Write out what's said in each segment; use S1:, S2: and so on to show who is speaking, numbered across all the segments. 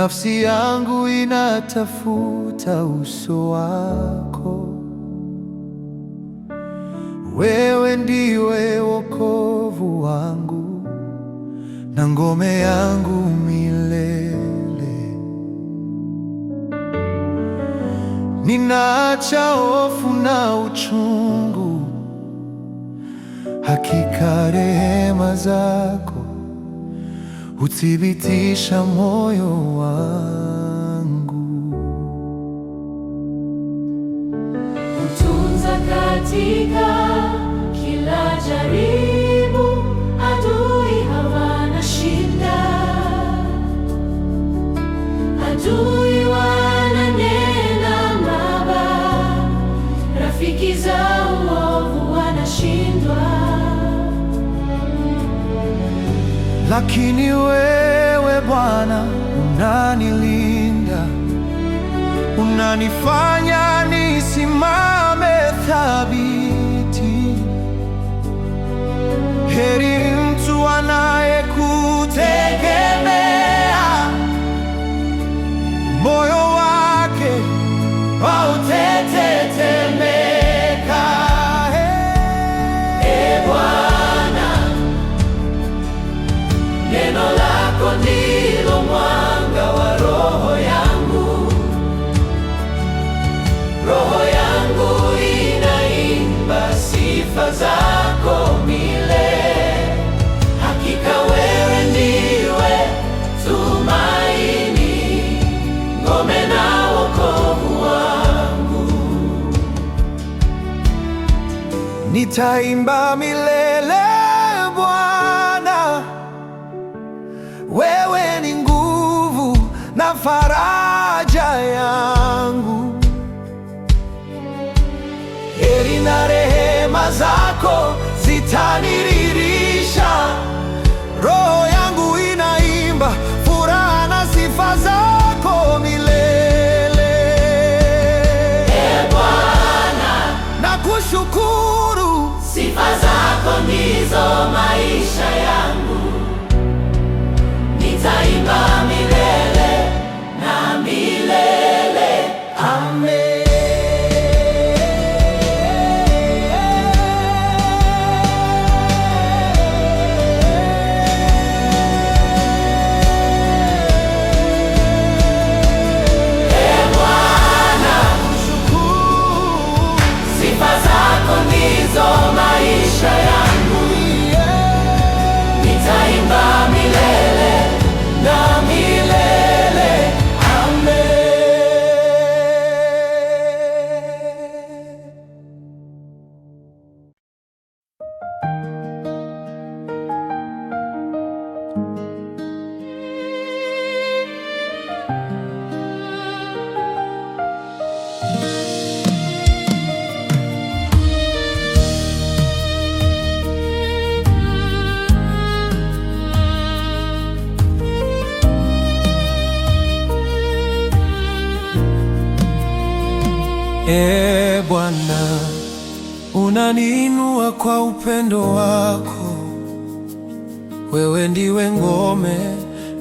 S1: Nafsi yangu inatafuta uso wako, wewe ndiwe wokovu wangu na ngome yangu milele. Ninaacha hofu na uchungu, hakika rehema zako huthibitisha moyo wangu.
S2: lakini wewe Bwana unanilinda, unanifanya nisimame thabiti. nitaimba milele Bwana, wewe ni nguvu na faraja yangu.
S3: Heri na rehema zako zitaniri
S2: E Bwana, unaniinua kwa upendo wako wewe ndiwe ngome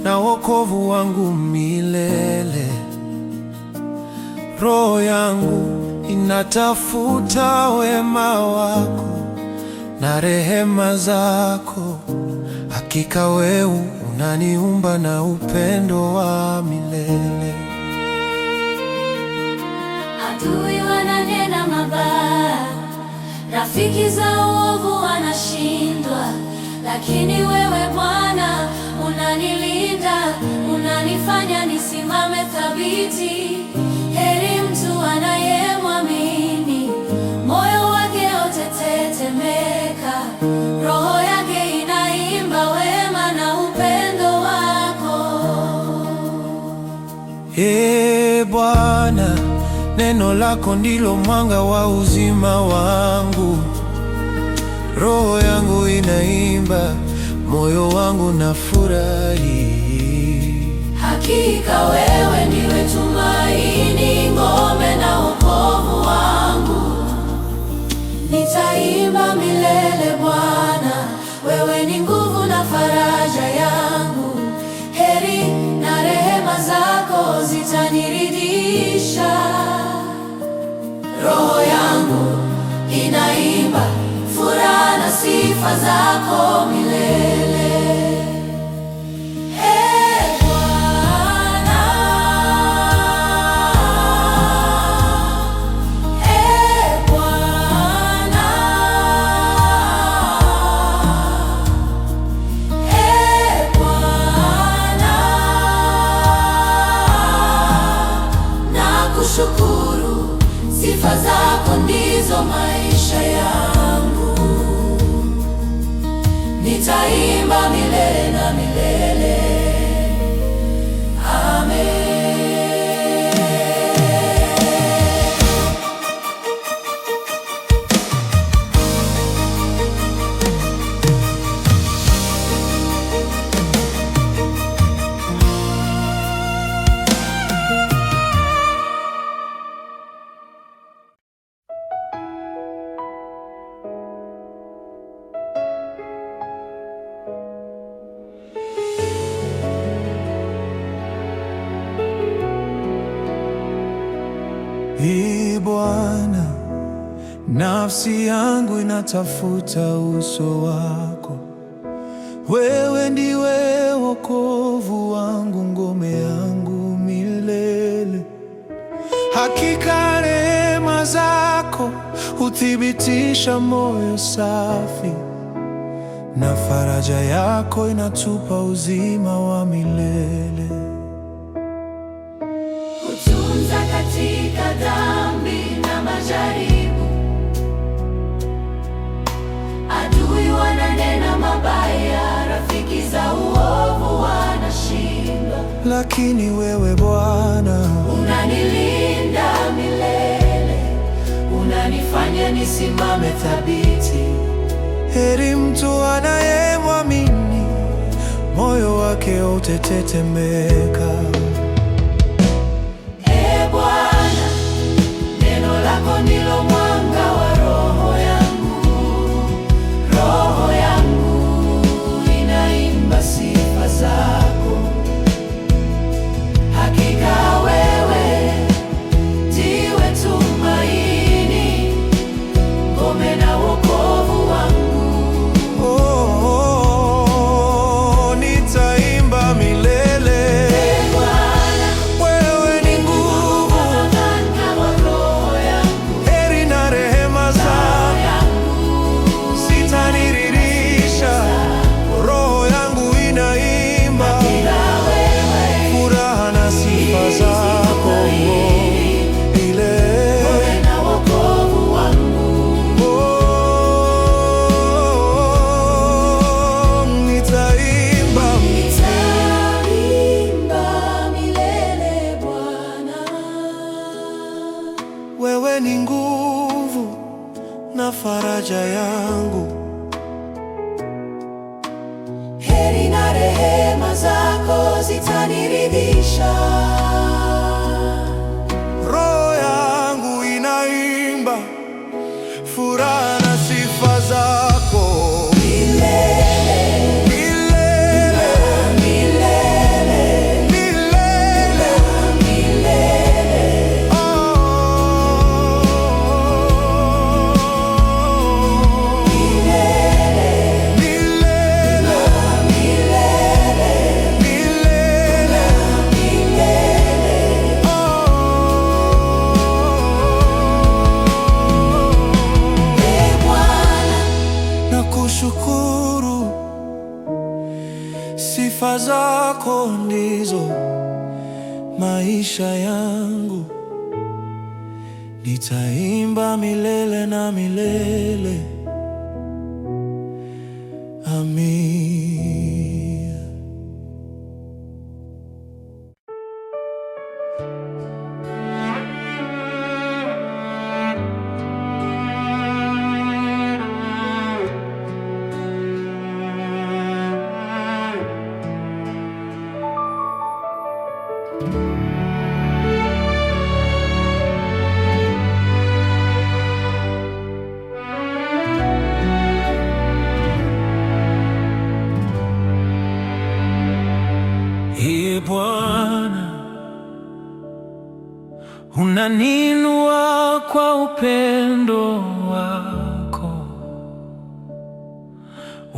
S2: na wokovu wangu milele. Roho yangu inatafuta wema wako na rehema zako. Hakika wewe unaniumba na upendo wa milele.
S1: Adui wananena mabaya, rafiki za uovu wanashindwa lakini wewe Bwana unanilinda, unanifanya nisimame thabiti. Heri mtu anayemwamini, moyo wake hautetetemeka, roho yake inaimba wema na upendo wako.
S2: Ee Bwana, neno lako ndilo mwanga wa uzima wangu roho yangu inaimba, moyo wangu na furahi.
S3: Hakika wewe ndiwe tumaini, ngome na wokovu wangu,
S1: nitaimba milele Bwana, wewe ni nguvu na faraja yangu. Heri na rehema zako zitaniridhisha,
S3: roho yangu inaimba sifa zako milele. nitaimba milele na milele.
S2: Bwana, nafsi yangu inatafuta uso wako. Wewe ndiwe wokovu wangu, ngome yangu milele. Hakika rehema zako huthibitisha moyo safi, na faraja yako inatupa uzima wa milele.
S1: kujaribu. Adui wananena mabaya, rafiki za uovu wanashinda,
S2: lakini wewe Bwana
S1: unanilinda milele, unanifanya nisimame thabiti.
S2: Heri mtu anayemwamini moyo wake utetetemeka. Nilo kushukuru. Sifa zako ndizo maisha yangu, nitaimba milele na milele. Amin.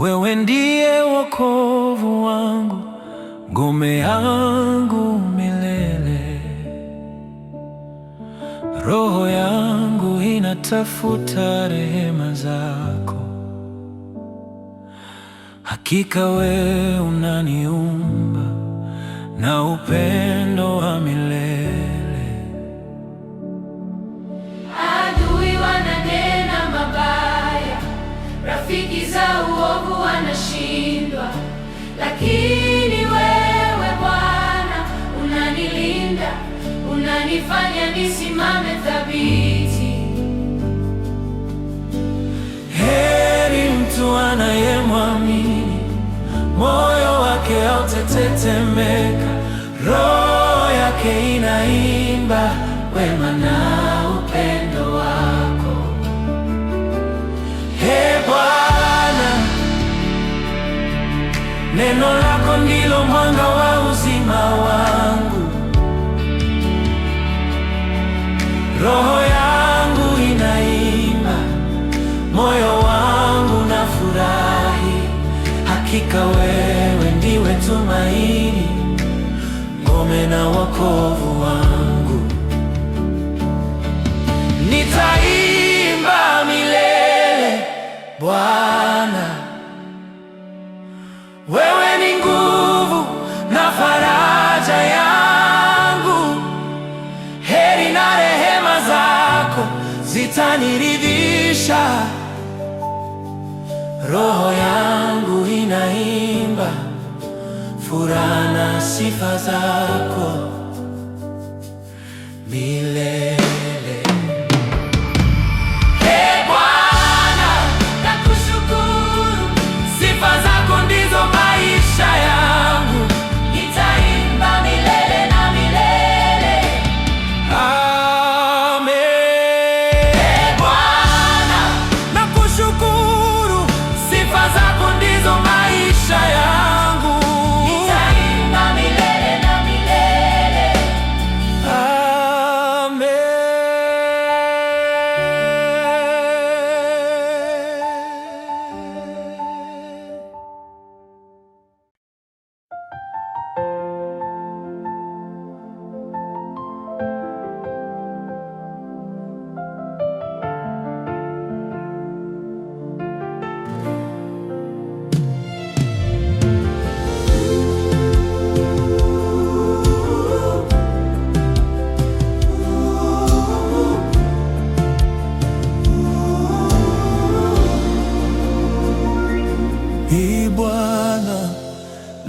S2: Wewe ndiye wokovu wangu, ngome yangu milele. Roho yangu inatafuta rehema zako. Hakika wewe unaniumba na upendo wa milele.
S1: Rafiki za uovu wanashindwa, lakini wewe Bwana unanilinda, unanifanya nisimame thabiti.
S2: Heri mtu anayemwamini, moyo wake hautetetemeka, roho yake inaimba wema na Neno lako ndilo mwanga wa uzima wangu, roho yangu inaimba, moyo wangu na furahi. Hakika wewe ndiwe tumaini, ngome na wokovu unaniridhisha, roho yangu inaimba furaha na sifa zako.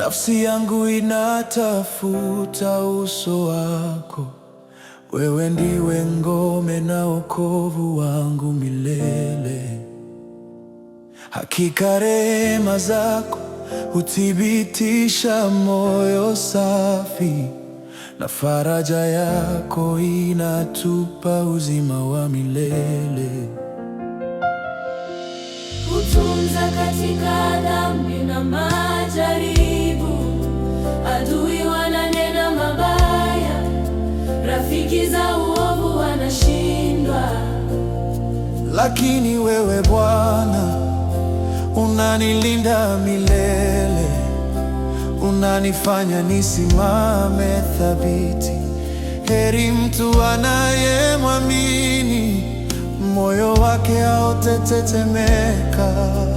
S2: Nafsi yangu inatafuta uso wako, wewe ndiwe ngome na wokovu wangu milele. Hakika rehema zako huthibitisha moyo safi, na faraja yako inatupa uzima wa milele.
S1: Hutunza katika dhambi na majaribu za uovu wanashindwa,
S2: lakini wewe Bwana unanilinda milele, unanifanya nisimame thabiti. Heri mtu anayemwamini, moyo wake tetemeka